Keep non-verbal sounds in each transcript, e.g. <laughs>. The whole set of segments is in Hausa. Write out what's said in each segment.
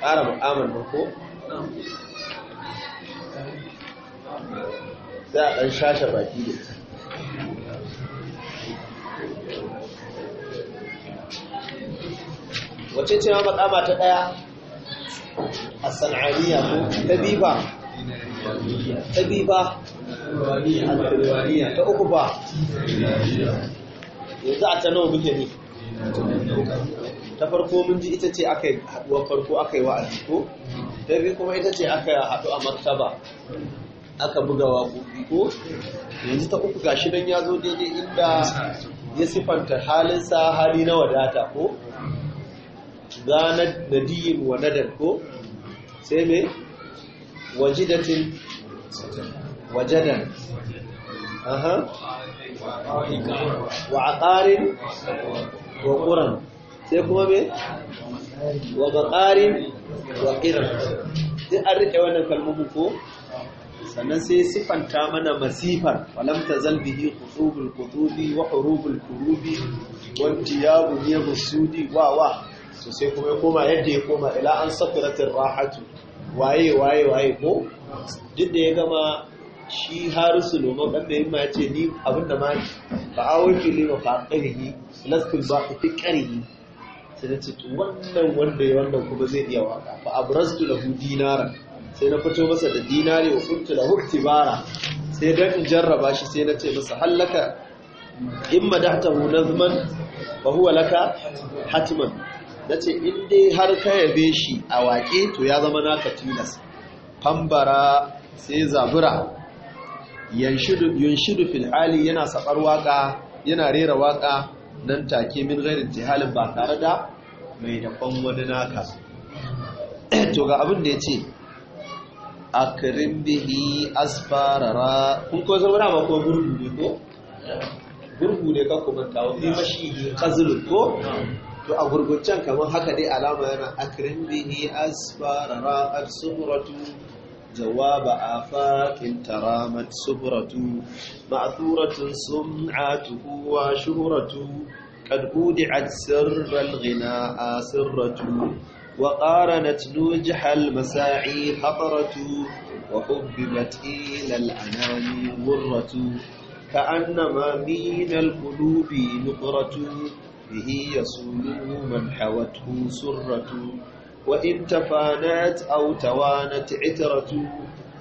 ƙara mu'amar ba ko za a ɗan shashe baki da ita wacce ce ma makama ta ɗaya a san'aniya ko ta biba ta biba ta uku ba yanzu a ta nawa muke ne ta farko mun ji ita ce aka yi farko aka yi wa'azi ko ta biyu kuma ita ce aka haɗu a martaba aka buga waƙoƙi ko yanzu ta uku gashi nan ya zo daidai inda ya sifanta halinsa hali na wadata ko za na nadiyin wa nadar ko sai mai wajidatin wajadan wa ƙarin. wa ƙuran sai kuma me wa baƙarin wa ƙiran duk an riƙe wannan kalmomin ko sannan sai siffanta mana masifar walamta zalbihi qutubul qutubi wa hurubul kurubi wa tiyabu yabu sudi wa wa to sai kuma koma yadda ya koma ila an sakaratir rahatu waye waye waye ko duk da ya gama shi harisu lomon ɗan da yamma ma ce ni abinda ma ba a wanke lema fa ƙarihi laskul ba ku fi ƙarihi sai na ce wannan wanda ya wannan kuma zai iya waka fa abrastu lahu dinara sai na fito masa da dinari wa kuntu lahu tibara sai dan in jarraba shi sai na ce masa hallaka in madahtahu nazman ba huwa laka Na ce in dai har ka yabe shi a waƙe to ya zama naka tilas fambara sai zabura shidu fil hali yana sabar waka yana rera waka nan take min gairin jihalin ba tare da mai dafan wani naka <clears throat> to ga abin da ya ce akirin bihi asfarara kun ko zaura ba ko gurgu ne ko gurgu ne ka kuma tawo ne mashi kazulun ko to a gurguncan kamar haka dai alama yana akirin bihi asfarara al-sumratu جواب آفاق ترامت سبرة مأثورة سمعته وشهرة قد أودعت سر الغناء سرة وقارنت نجح المساعي خطرة وحببت إلى الأنام غرة كأنما من القلوب نقرة به يصول من حوته سرة وإن تفانات أو توانت عترة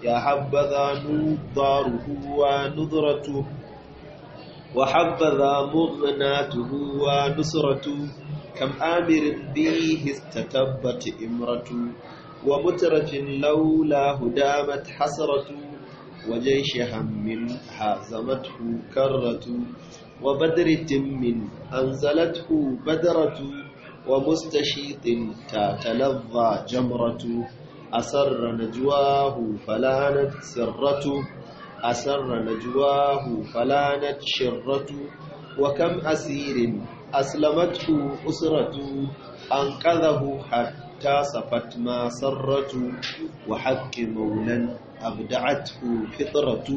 يا حبذا نضاره ونذرته وحبذا مغناته ونصرته كم آمر به استتبت إمرة ومترف لولا هدامت حسرة وجيش هم هازمته كرة وبدر تم أنزلته بدرة ومستشيط تتلظى جمرة أسر نجواه فلانت سرة أسر نجواه فلانت شرة وكم أسير أسلمته أسرة أنقذه حتى صفت ما سرة وحق مولا أبدعته فطرة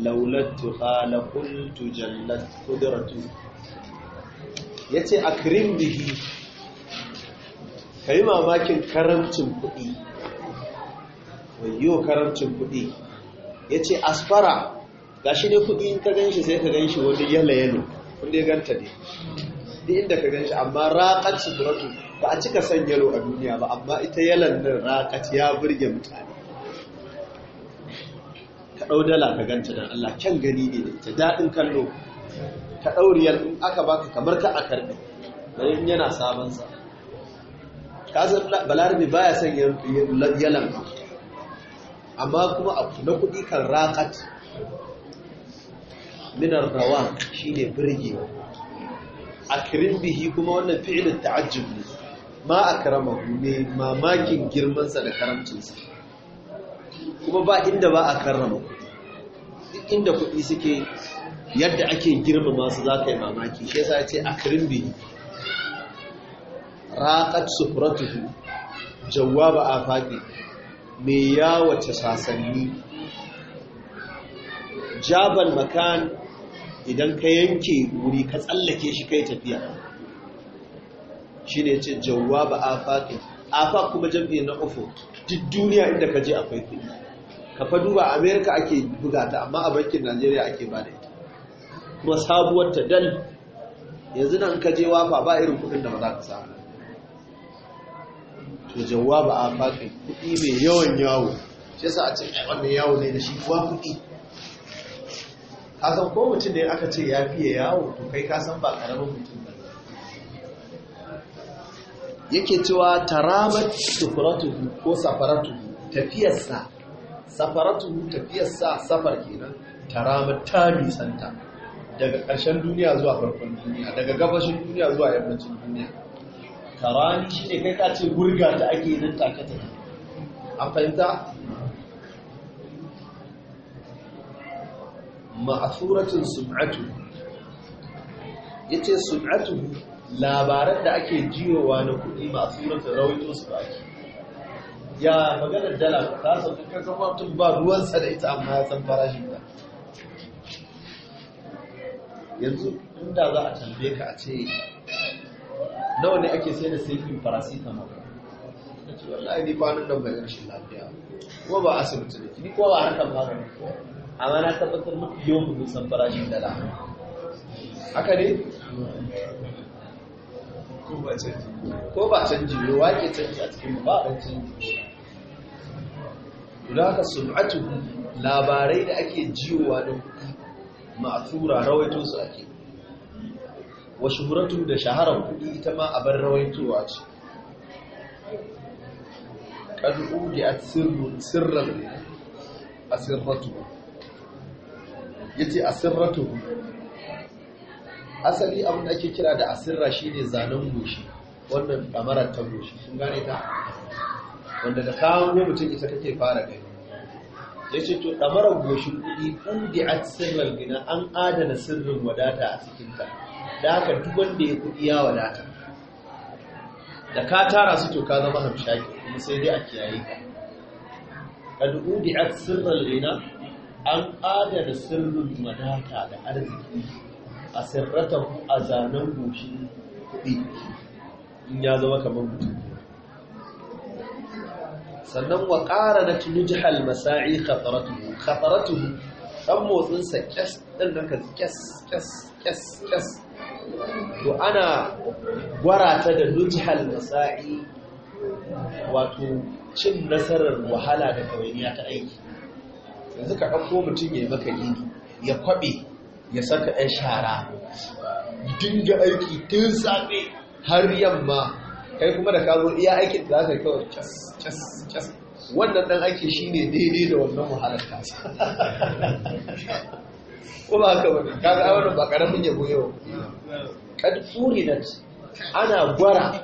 لولا قال قلت جلت قدرة يتي أكرم به ka yi mamakin karamcin kuɗi wayo karancin kuɗi ya ce asfara ga shi ne kuɗi ka gan shi sai ka gan shi wani yala yalo wanda ya ganta ne duk inda ka gan shi amma raƙat duratu ba a cika san yalo a duniya ba amma ita yalan nan rakaci ya burge mutane ka ɗau dala ka ganta don Allah kyan gani ne da ita daɗin kallo ka ɗauriyar in aka baka kamar ka a karɓi Bayan yana sabon sa kasan ba ya son yalan amma kuma abu na kudi kan rakat minar rawa shine birge. A kirimbihi kuma wannan fi'ilin ta'ajjub ne ma akramahu ne mamakin girmansa da karamcinsa kuma ba inda ba a karrama duk inda kuɗi suke yadda ake girmama su za ka yi mamaki shi yasa ya ce akrim raƙat sufratuhu jawaba a faɗi mai yawace sasanni jabal makan idan ka yanke wuri ka tsallake shi kai tafiya shi ne ce jawaba a faɗi afa kuma jam'i na ufo duk duniya inda ka je akwai kuɗi ka fa duba amerika ake buga ta amma a bankin najeriya ake ba da ita kuma sabuwar ta dal yanzu nan ka je wafa ba irin kuɗin da ba za ka samu da jawaba a faƙi kuɗi mai yawan yawo shi sa a ce wannan yawo ne da shi kuwa kuɗi kasan ko mutum ne aka ce ya fiye yawo to kai kasan ba karamin mutum ba yake cewa taramat sufuratu ko safaratu tafiyarsa safaratu tafiyarsa safar kenan taramat ta nisanta daga ƙarshen duniya zuwa farkon duniya daga gabashin duniya zuwa yammacin duniya tarani shi ne kai kace gurga ta ake nan take take an fahimta ma'asuratun sum'atu yace sum'atu labaran da ake jiyowa na kuɗi ma'asuratun rawaito su ba ya maganar dala ta san kan san mutum ba ruwan sa da ita amma ya san farashin ta yanzu inda za a tambaye ka a ce nawa ne ake sai da saifin paracetamol ba ce wallahi ni kwanan nan bai rashin lafiya kuma ba asibiti ne ni kuma ba harkar magani amma na tabbatar mafi yawan mu san farashin dala haka ne ko ba canji ne wake canji a cikin ba a canji haka sun'atu labarai da ake jiwa da kuɗi ma'asura rawaito su ake wa shuhuratu da shaharar kuɗi ita ma a bar rawaitowa ce ƙadu da a sirrar a sirratu ya ce a sirratu asali abin da ake kira da asirra shi ne zanen goshi wannan ɗamarar ta goshi sun gane ta wanda da kawo mutum ita kake fara gani ya ce to ɗamarar goshin kuɗi ƙudi a sirrar gina an adana sirrin wadata a cikinta da duk wanda ya kudi ya wadata da ka tara su to ka zama hamshaki kuma sai dai a kiyaye ka kad udi'at sirral ghina an da sirrul madata da arziki a sirratahu a zanen goshin kuɗi in ya zama kaman mutum sannan wa qara da tunujihal masa'i khataratuhu khataratuhu ɗan sa ƙyas din nan ka ƙyas ƙyas ƙyas ƙyas to ana gwarata da nujihal masa'i wato cin nasarar wahala da kawainiya ta aiki yanzu ka ɗauko mutum ya yi maka gini ya kwaɓe ya saka ɗan shara dinga aiki tun safe har yamma kai kuma da kazo iya aikin da za ka yi kawai cas cas wannan ɗan aiki shi ne daidai da wannan wahalar kasa <laughs> ko ba ka ba kaga ai wannan ba karamin yabo yau kad furinat ana gwara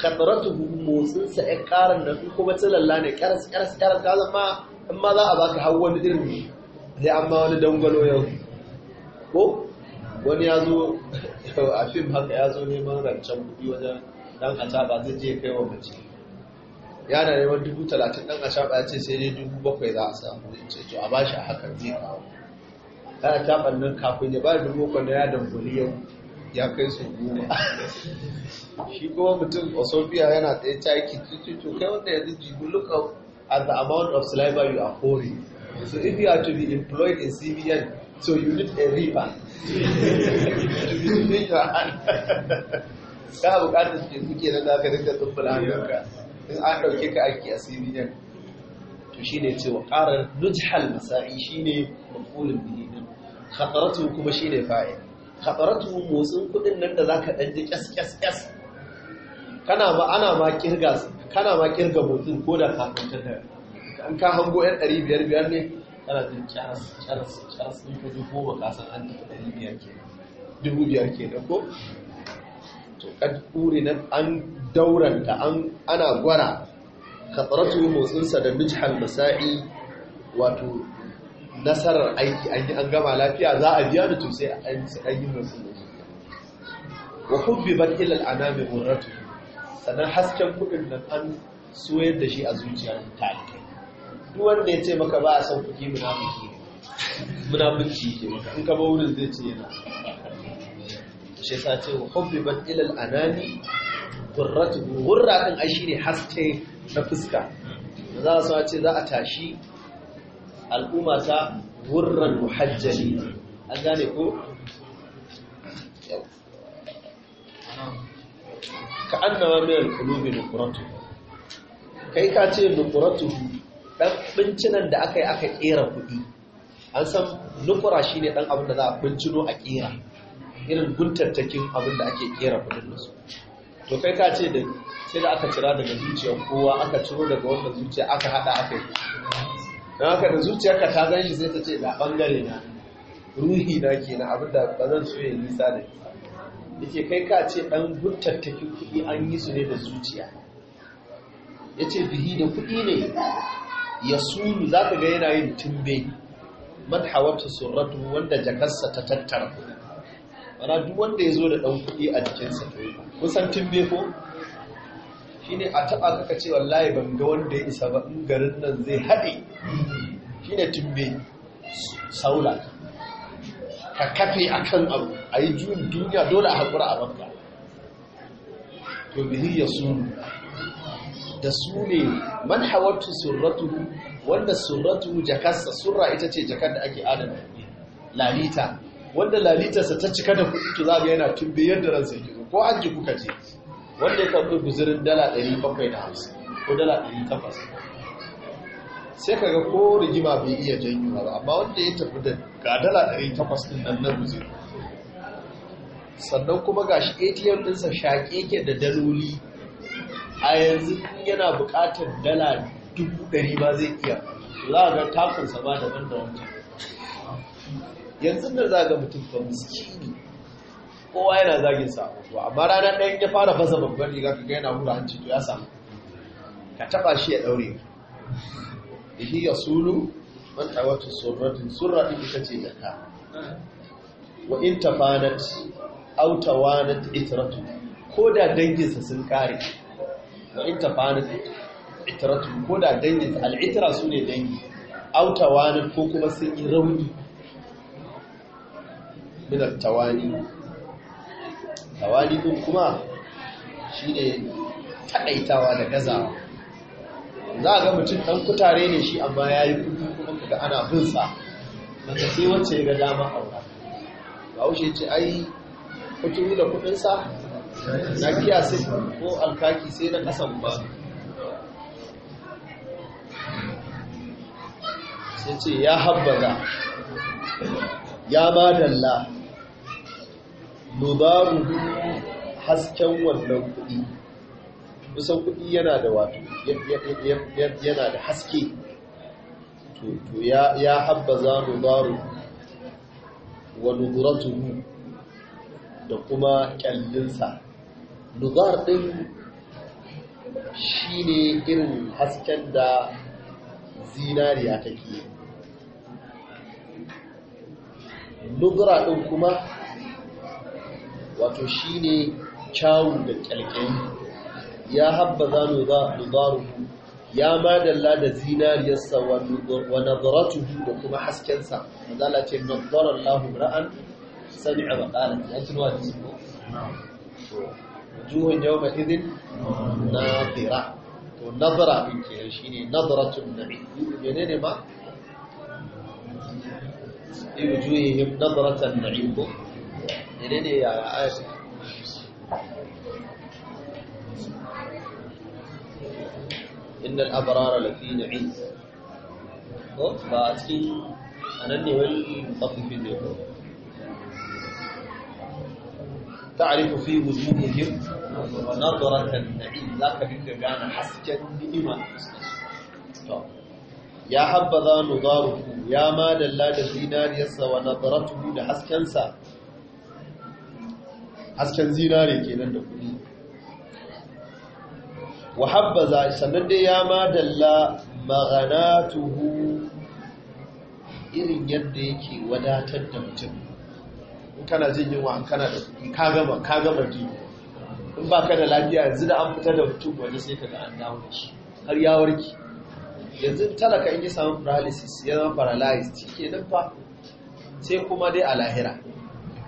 khataratuhu motsin sa ya karan da kuma lalla ne karas karas karas ka zama in ma za a baka har wani irin ne. an ma wani dangwalo yau ko wani ya zo <laughs> a fim haka ya zo neman rancen kuɗi wajen dan a ba zai je kai wa mace yana neman dubu talatin ɗan a shaɓa ya ce sai dai dubu bakwai za a samu ya ce to a ba shi a hakan zai kawo yana taɓan nan kafin ya ba da dubu bakwai na ya dambuli yau ya kai su goma <laughs> shi kuma mutum a sofiya yana tsaye taki tututu kai wanda yanzu jibu look up at the amount of saliva you are pouring so if you are to be employed in cbn so you need a river to be your hand <laughs> ka bukatar ke kuke na zaka rinka tsubbula hannunka in an ɗauke ka aiki a siriyan to shi ne cewa ƙarar nujhal masa'i shi ne mafulin bilinin din kuma shi ne fa'i khataratu motsin kuɗin nan da za ka ɗan ji ƙyas ƙyas ƙyas kana ma ana ma kirga kana ma kirga motsin ko da kafin ta da an ka hango yan ɗari biyar biyar ne kana jin ƙyas ƙyas ƙyas ɗin ka zo ko ba ka san an tafi ɗari biyar ke dubu biyar ke ko to kad nan an dauranta an ana gwara katsaratu motsinsa da mijhal masa'i wato nasarar aiki an yi an gama lafiya za a biya da tusai an yi motsin da wa hubbi ban ilal anami murratu sannan hasken kudin nan an soyar da shi a zuciya ta talibai duk wanda ya ce maka ba a san kuɗi muna muke ke maka in ka ba wurin zai ce yana Sai yasa ce wa hubbibat ila al-anani turratuhu gurra din ai shine haske na fuska za su ce za a tashi al'umma ta gurran muhajjali an gane ko ka annama min al-qulubi nuqratu kai ka ce kuratu dan bincinan da aka yi aka kera kuɗi an san nukura ne dan abin da za a bincino a kera irin guntattakin abin da ake kera kudin nasu to kai ka ce da sai da aka cira daga zuciyar kowa aka ciro daga wannan zuciya aka hada aka yi don haka da ka ta gan sai ta ce da bangare na ruhi na ke na abin da ba zan so ya nisa da ya ke kai ka ce ɗan guntattakin kuɗi an yi su ne da zuciya ya ce bihi da kuɗi ne ya sulu za ka ga yana yin tumbe man hawata surratu wanda jakarsa ta tattara kuɗi Karatu duk wanda ya zo da ɗan kuɗi a jikinsa kusan tumbe ko shi ne a taɓa kaka ce wallahi ban ga wanda ya isa ba in garin nan zai haɗe shi ne tumbe saula ka kafe a kan abu a yi juyin duniya dole a haƙura a banka to bihi ya su da su ne man hawattu surratu wanda surratu jakarsa surra ita ce jakar da ake adana lalita wanda lalitarsa ta cika da kuɗi to za a yana tumbe yadda ran sai so ko an ji kuka je wanda ya karɓi guzurin dala 750 ko dala 800 sai ka ga ko rigima bai iya janyo ba amma wanda ya tafi da ga dala 800 din nan na guzuri sannan kuma ga shi atm ɗinsa shaƙe ke da daloli a yanzu yana buƙatar dala ɗari ba zai iya za a ga takunsa ba daban da wancan yanzu nan za ga mutum fa miskini kowa yana zagin sa amma rana ɗaya ya fara fasa babban riga ka ga yana hura hanci to ya samu ka taɓa shi ya ɗaure ihi ya sulu man tawatu surratin surra din ita ce ka. wa in tafanat aw tawanat itratu ko da danginsa sun kare wa in tafanat itratu ko da danginsa al'itra su ne dangi auta tawanat ko kuma sun yi rauni minar tawani tawani ɗin kuma shi ne taɗaitawa da gaza za a ga mutum ɗan kutare ne shi amma ya yi kudu kuma kaga ana binsa daga sai wacce ya ga dama aura ba wuce ce ai kuturu da kuɗinsa na kiya sai ko alkaki sai na kasan ba sai ce ya habbaza ya madalla nubaruhu hasken wannan kuɗi kusan kuɗi yana da wato yana da haske to ya za nubaruhu wa nuburatuhu da kuma ƙyallinsa. nubar ɗin shi ne irin hasken da zinariya take nubra ɗin kuma wato shine kyawun da kyalkyayi ya habbaza nubaruhu ya madalla da zinariyarsa wa nazaratuhu da kuma haskensa mazala ce nazarar lahu ra'an sami'a maqalat ya tuno a cikin wujuhun yawma na fira to nazara din ke shine nazratun nabi menene ma yujuhihim nazratan na'im menene ya ayat inna al-abrara lafi na'im ko ba a cikin anan ne wani ne ko تعرف في وجوههم نظرة النعيم لا بك كان حسكا بإيمان يا حبذا نظاره يا لا دلا يسوى نظرته ونظرته سا hasken zinare kenan da kuɗi wahabbaza sannan dai ya madalla tuhu. irin yadda yake wadatar da mutum in kana jin yunwa kana da kudi ka gama ka ji in ba ka da lafiya yanzu da an fita da mutum waje sai ka ga an dawo da shi har ya warke? yanzu talaka in yi samun paralysis ya zama paralyzed shi ke nan fa sai kuma dai a lahira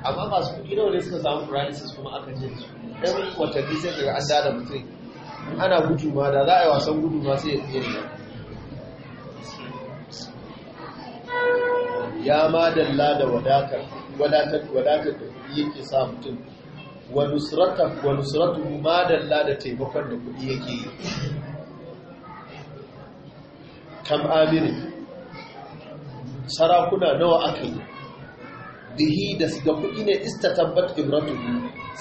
amma masu kuɗi nawa ne suka samu paralysis kuma aka ce su ɗan watanni sai daga an dada mutum ana gudu ma da za a yi wasan gudu ma sai ya tsere ya ma dalla da wadatar wadatar wadatar da kuɗi yake sa mutum wa nusrata wa nusratu ma dalla da taimakon da kuɗi yake yi kam amirin sarakuna nawa aka yi bihi da kuɗi ne ista tabbat imratu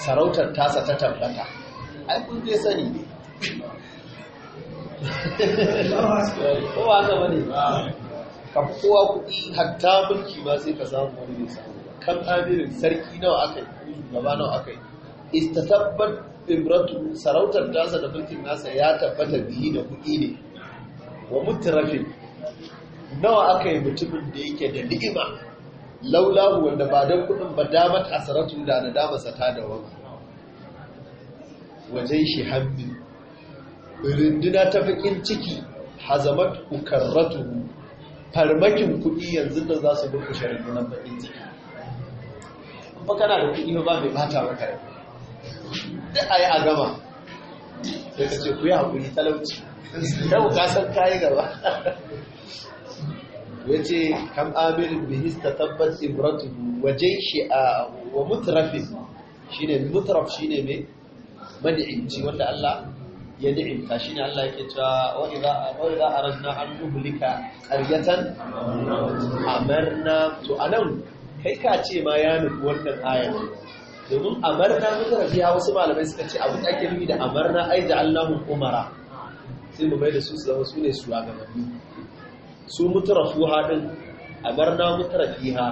sarautar tasa ta tabbata ai kun je sani ne kowa ka bane ka kowa kuɗi hatta mulki ba sai ka samu wani ne samu kan amirin sarki nawa aka yi gaba nawa aka yi ista tabbat imratu sarautar tasa da mulkin nasa ya tabbata bihi da kuɗi ne wa mutrafin nawa aka yi mutumin da yake da ni'ima laulahu wanda ba don kudin ba damat asaratu da na sata ta dawama wajen shi hambi rinduna ta fikin ciki hazamat ukarratu farmakin kudi yanzu da za su dukushe rundunan bakin ciki kuma kana da kudi ba mai bata maka rai da a yi a gama da ka ce ku yi haƙuri talauci yau kasar kayi gaba Yace kam amirin bihis ta tabbat ibratu wajen shi a wa mutrafin shi mutraf shi ne mai mani'inci wanda Allah ya ni'imta shi ne Allah yake cewa wani za a rajna an nuhulika ƙaryatan amarna to a nan kai ka ce ma ya nufi wannan ayar domin amarna mutrafi fiya wasu malamai suka ce abin ake nufi da amarna ai da Allahun umara sai mu bai da su su zama su ne shugabanni su mutarafuha din amarna mutarafiha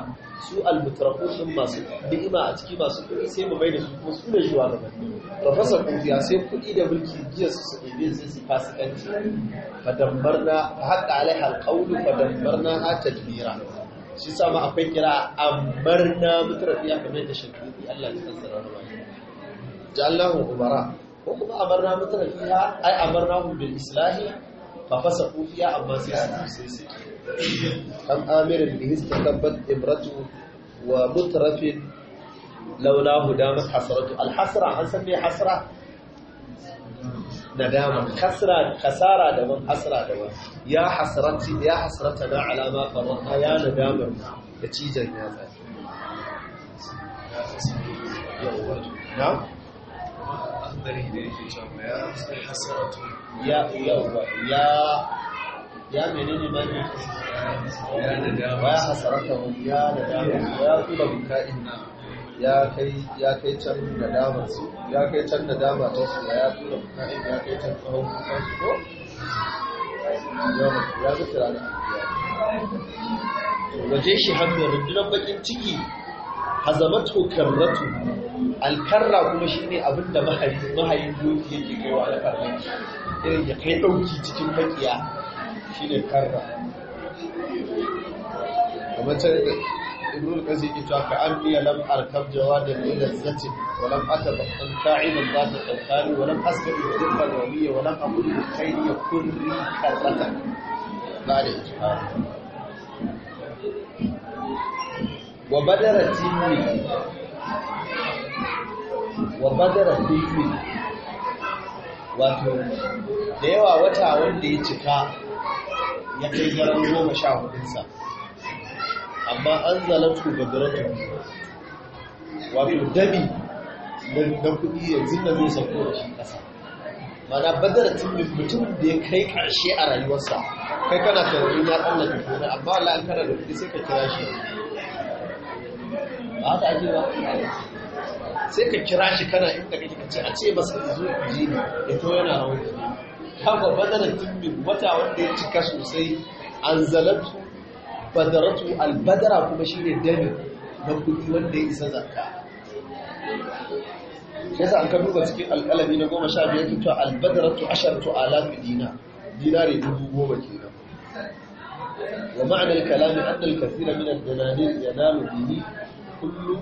su almutrafu din masu ni'ima a ciki masu kuɗi sai mu maida da su kuma su ne shuwa da professor kudiya sai kuɗi da mulki jiya su su ɗebe sai su fasikanci ta haƙa alai alƙaulu fadambarna ha tadbira shi sa ma akwai kira amarna mutarafiya kamar da shakkuni Allah ya tsara rawa jallahu umara ko kuma amarna mutarafiya ai amarnahu bil islahi fa fasa kufiya amma sai su an amirin bihi istakabbat imratu wa mutrafin laulahu damat hasratu alhasra an san me hasra nadama kasra kasara daban hasra daban ya hasrati ya hasrata na alama farata ya nadamar da cijan ya tsaya na? Akhdari da yake cewa ya hasratu ya ya ya menene ba ne wa ya hasarata ya da dama ya kula buka'in na ya kai ya kai can da dama su ya kai can da dama ta su ya kula buka'in ya kai can tsawon kukan su ko ya zuci ranar waje shi hannun rundunar bakin ciki hazamatu karratu alkarra kuma shine abin da mahayin doki yake kaiwa na farmaki irin ya kai ɗauki cikin makiya shine karra kamar ta ibn al-qazi ke cewa ka amni lam arkab jawadan min lazzatin wa lam atab qa'idan ba ta tsari wa lam asbi bi dhimma wa lam aqul bi khayri yakun karratan la ilaha wa badara timmi wa badara timmi wato da yawa wata wanda ya cika ya kai garan goma sha hudunsa amma an zalatu garatu wato dabi na kuɗi yanzu da zai sauko da shi ƙasa mana badaratun mutum da ya kai ƙarshe a rayuwarsa kai kana tunanin ya tsallaka kuma amma la'akara da kuɗi sai ka kira shi ba haka ake ba sai ka kira shi kana inda kake kace a ce masa zo ku ji ne ya to yana rawar jini haka badala timbin wata wanda ya cika sosai an badaratu albadara kuma shi shine dami na kudi wanda ya isa zakka yasa an ka duba cikin alƙalami na goma sha biyar fito albadaratu asharatu alafi dina dinari dubu goma kenan wa ma'anar kalami annal kasira min ad-dinarin yanalu bihi Kullum kullu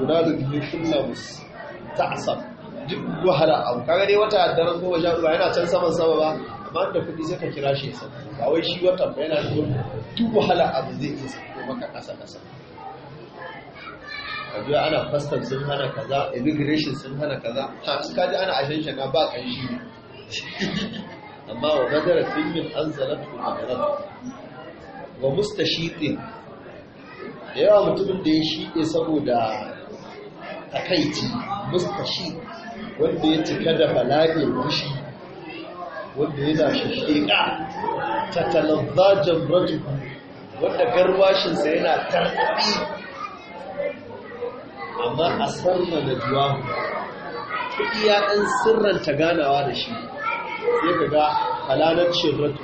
yunadu bihi kullu ta ta'sab duk wahala abu kaga dai wata daren goma sha yana can saman sama ba amma da kuɗi sai ka kira shi ya sauko ba wai shi wata ba yana da duk wahala abu zai iya sauko maka ƙasa ƙasa A biya ana fastan sun hana kaza immigration sun hana kaza ha su kaji ana ashen shana ba shi ne <laughs> amma wa nadara filmin an zalatu da wa mustashiqin da yawa mutumin da ya shiɗe saboda takaici mustashi wanda ya cika da bala'in mashi wanda yana shasheka ta talazza wanda garwashinsa yana tarɗaɗi amma a san na juwa kuɗi ya ɗan sirranta ganawa da shi ya ga halalar shirratu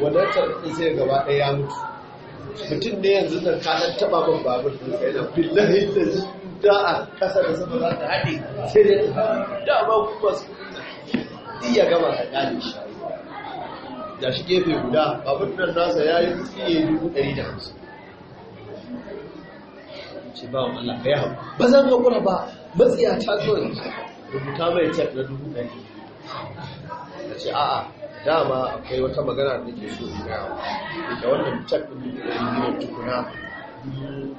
wadatar ɗin sai gaba ɗaya mutu mutum ne yanzu da kanan taba ban babur da kai da billahi da da a kasa da sama za ta haɗe sai da da ba ku ba su iya gama da gani shi da shi gefe guda babur nan nasa ya yi tsiye dubu ɗari da hamsin ce ba wa Allah ka yi hau ba zan hakura ba matsiya ta zo rubuta mai cek na dubu ɗari da ce a'a dama akwai wata magana da ke so in wa. da wannan cak din da ke tukuna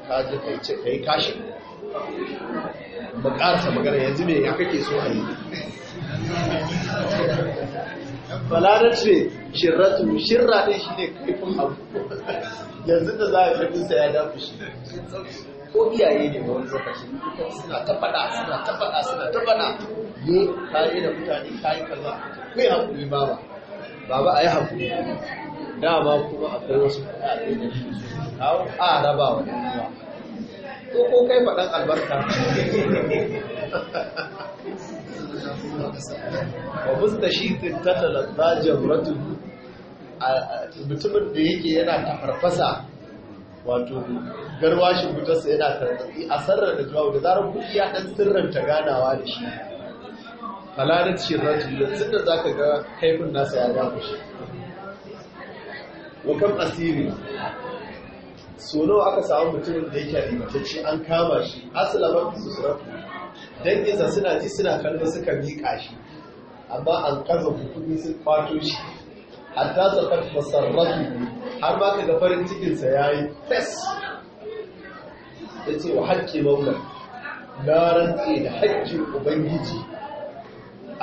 ka je kai ce kai kashin ba karsa magana yanzu me ya kake so a yi balarar ce shirratu shirra din shi ne kaifin abu yanzu da za a karfin sa ya dafi shi ko iyaye ne ba wani lokaci suna ta faɗa suna ta faɗa suna ta faɗa ne ka yi da mutane ka yi kaza kai hakuri ba ba baba a yi haƙuri dama kuma akwai wasu kuɗaɗe da shi kawo a raba wa ɗanuwa ko ko kai faɗan albarka wa mustashidin tatalata jamratu mutumin da yake yana ta farfasa wato garwashin mutarsa yana tarzaki a sarrar da jawo da zarar kuɗi ya ɗan sirranta ganawa da shi halalar ce za ta yi za ka ga kaifin nasa ya ba shi wakan asiri so nawa aka samu mutumin da yake alimatacce an kama shi asalamar su danginsa suna ci suna kalma suka miƙa shi amma an kaza hukumi sun kwato shi hatta tsakar masarrafi har ma ka ga farin cikinsa ya yi fes ya ce wa haƙƙi maula na rantse da haƙƙin ubangiji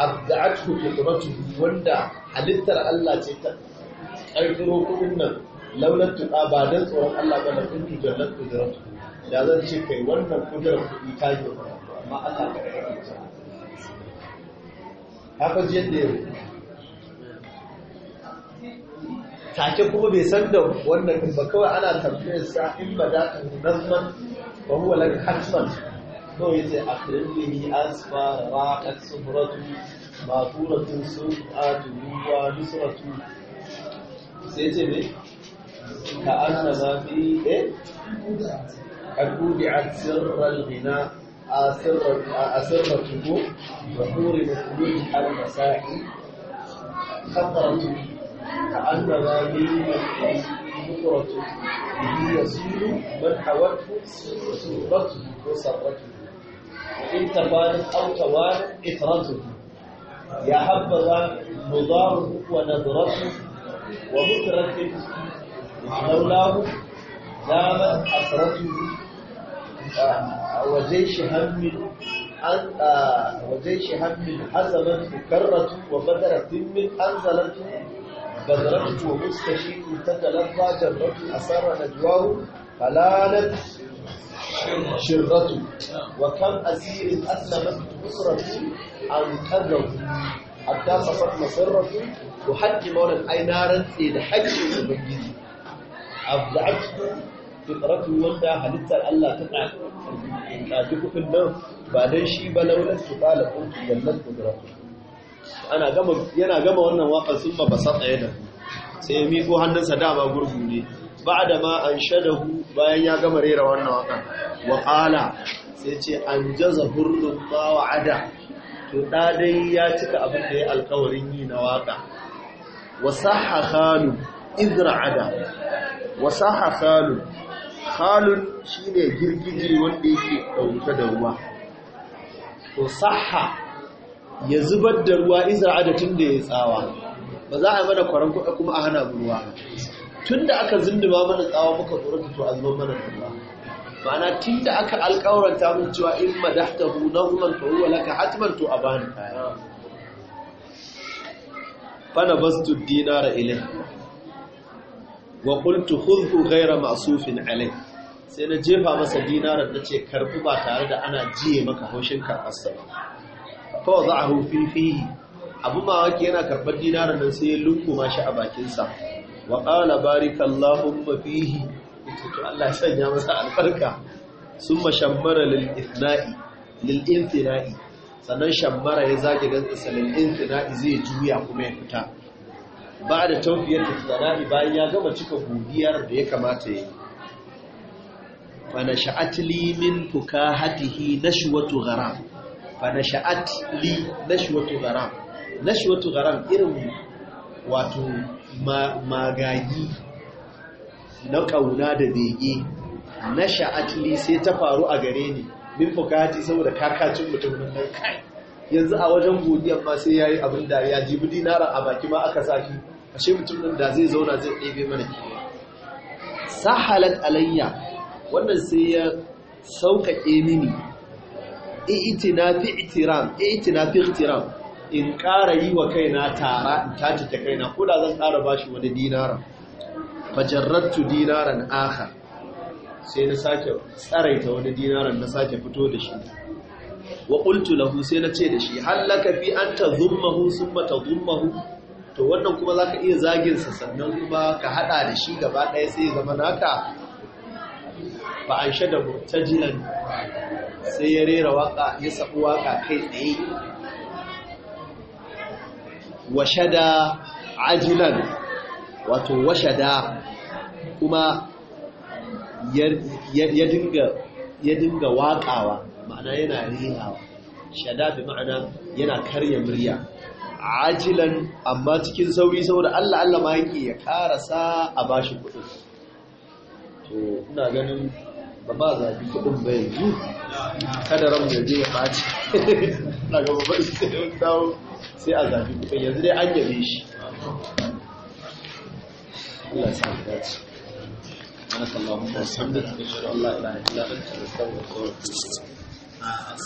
abda'atu qudratu wanda halittar Allah ce ta karfiro kudin nan laulan tuqa ba dan tsoron Allah ba da kuntu jannat jannat da zan ce kai wannan kudrar kudi ta yi amma Allah ka kare ta haka je da yau take kuma bai san da wannan ba kawai ana tambayar sa in ba da nazman wa huwa lak hasman كويس أخرجه أسفى راقت ماكورة ماطورة سرعة ونصرة سيتم كأنما في أبودعت إيه؟ سر الغناء أسرته آه، آه، أسرته وحور على المساء خطرة كأنما في بكرة به يسير من حوته سرته وسرته إن تفارق أو توارق إفرازه يا حبذا مضاره ونظرته ومترتب لولاه دامت أسرته آه، وجيش هم آه، وجيش هم حزمت مكرة وبدر ذم انزلته بدرته ومستشير تتلظى جرته أسر نجواه فلانت shirratu wa kan asirin aslamat usratu an kadau hatta safat masarratu to haƙƙi maulan ai na rantse da haƙƙin ubangiji abda'atu fitratu wanda halittar Allah ta ɗaji kufin nan ba dan shi ba laulan su ƙala kuntu jallar kudratu gama yana gama wannan waƙar sun ba basata yana sai ya dama gurgu ne ba'da ma shadahu bayan ya gama rera wannan wakan wa qala sai ce anjaza hurrun ma ada. to da dai ya cika abin da ya alkawarin yi na waka wa sahha khalu ada, wa sahha khalu khalun shine girgije wanda yake dauke da ruwa to ya zubar da ruwa izra'ada tun da ya tsawa ba za a yi mana kwaran kuma a hana ruwa tun da aka zinduma mana tsawa muka tsorata to azman mana tsawa ma'ana tun da aka alƙawaranta mun cewa in madafta hu, na nahman to huwa laka hatman to abani kaya fana bastu dinara ilai wa qultu khudhu ghayra ma'sufin alai sai na jefa masa dinara da ce karbi ba tare da ana jiye maka haushin karɓarsa ba fa wa za'ahu fi fihi abu mawaki yana karɓar dinarar nan sai ya lunkuma shi a bakinsa wa ƙala barikallahumma fihi to Allah sanya masa albarka sun mashammara lil'intina'i sannan shammara ya zage gantsasa lil'intina'i zai juya kuma ya fita ba da taufiyar da tsana'i bayan ya gama cika godiyar da ya kamata ya yi fana sha'at li min fukahatihi nashwatu gharam fana sha'at li nashwatu gharam nashwatu gharam irin wato magagi na ƙauna da bege na sha'atli sai ta faru a gare ni min bukati saboda kakacin mutum nan kai yanzu a wajen godiyar ma sai yayi abin da ya jibi dinara a baki ma aka saki ashe mutum da zai zauna zai ɗebe mana kewa sahalat alayya wannan sai ya sauƙaƙe mini i'tina fi i'tiram i'tina fi i'tiram in ƙara yi wa kaina tara in tace ta kaina ko da zan ƙara ba shi wani dinara fajarrattu dinaran aka, sai na sake tsaraita wani dinaran na sake fito da shi wa qultu lahu sai na ce da shi hallaka fi an ta zummahu sun mata zummahu. to wannan kuma za ka iya zaginsa sannan kuma ka haɗa da shi gaba ɗaya sai ya zama naka Ba an shaɗa mutajilan sai ya rera waka ya sabu waka kai tsaye washada ajilan wato washada kuma ya dinga ya dinga waƙawa ma'ana yana rihawa shada bi ma'ana yana karya murya ajilan amma cikin sauri saboda Allah Allah ma yake ya karasa a bashi kuɗin to ina ganin ba ba ki kuɗin ba yanzu kada ran da zai ya baci <laughs> na ba sai dawo sai a zafi kuɗin yanzu dai an yabe shi Allah sa mu dace Allah Allah alaihi wa sallam Allah Allah illa anta astaghfiruka Allah atubu